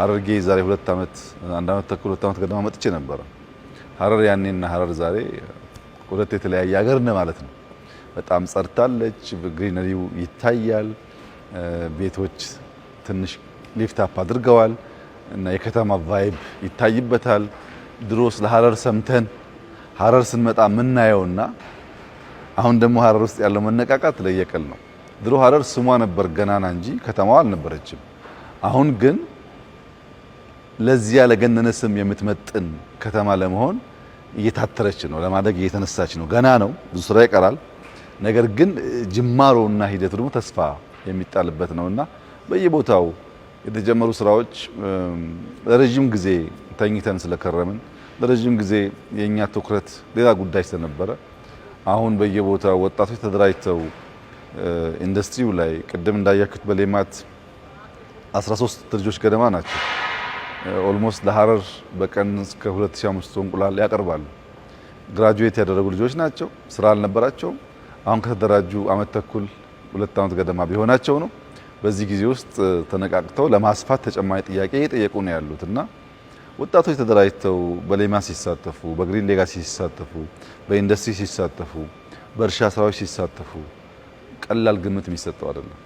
ሀረርጌ ዛሬ ሁለት ዓመት አንድ ዓመት ተኩል ሁለት ዓመት ገደማ መጥቼ ነበረ። ሀረር ያኔና ሀረር ዛሬ ሁለት የተለያየ ሀገር ነው ማለት ነው። በጣም ጸድታለች፣ ግሪነሪው ይታያል፣ ቤቶች ትንሽ ሊፍት አፕ አድርገዋል እና የከተማ ቫይብ ይታይበታል። ድሮ ስለ ሀረር ሰምተን ሀረር ስንመጣ የምናየውና አሁን ደግሞ ሀረር ውስጥ ያለው መነቃቃት ለየቅል ነው። ድሮ ሀረር ስሟ ነበር ገናና እንጂ ከተማዋ አልነበረችም። አሁን ግን ለዚያ ለገነነ ስም የምትመጥን ከተማ ለመሆን እየታተረች ነው፣ ለማደግ እየተነሳች ነው። ገና ነው፣ ብዙ ስራ ይቀራል። ነገር ግን ጅማሮና ሂደቱ ደግሞ ተስፋ የሚጣልበት ነውና በየቦታው የተጀመሩ ስራዎች ለረዥም ጊዜ ተኝተን ስለከረምን ለረዥም ጊዜ የእኛ ትኩረት ሌላ ጉዳይ ስለነበረ አሁን በየቦታው ወጣቶች ተደራጅተው ኢንዱስትሪው ላይ ቅድም እንዳያችሁት በሌማት 13 ልጆች ገደማ ናቸው ኦልሞስት ለሀረር በቀን እስከ 2500 እንቁላል ያቀርባሉ። ግራጁዌት ያደረጉ ልጆች ናቸው። ስራ አልነበራቸውም። አሁን ከተደራጁ አመት ተኩል ሁለት አመት ገደማ ቢሆናቸው ነው። በዚህ ጊዜ ውስጥ ተነቃቅተው ለማስፋት ተጨማሪ ጥያቄ እየጠየቁ ነው ያሉት እና ወጣቶች ተደራጅተው በሌማ ሲሳተፉ፣ በግሪን ሌጋሲ ሲሳተፉ፣ በኢንዱስትሪ ሲሳተፉ፣ በእርሻ ስራዎች ሲሳተፉ ቀላል ግምት የሚሰጠው አይደለም።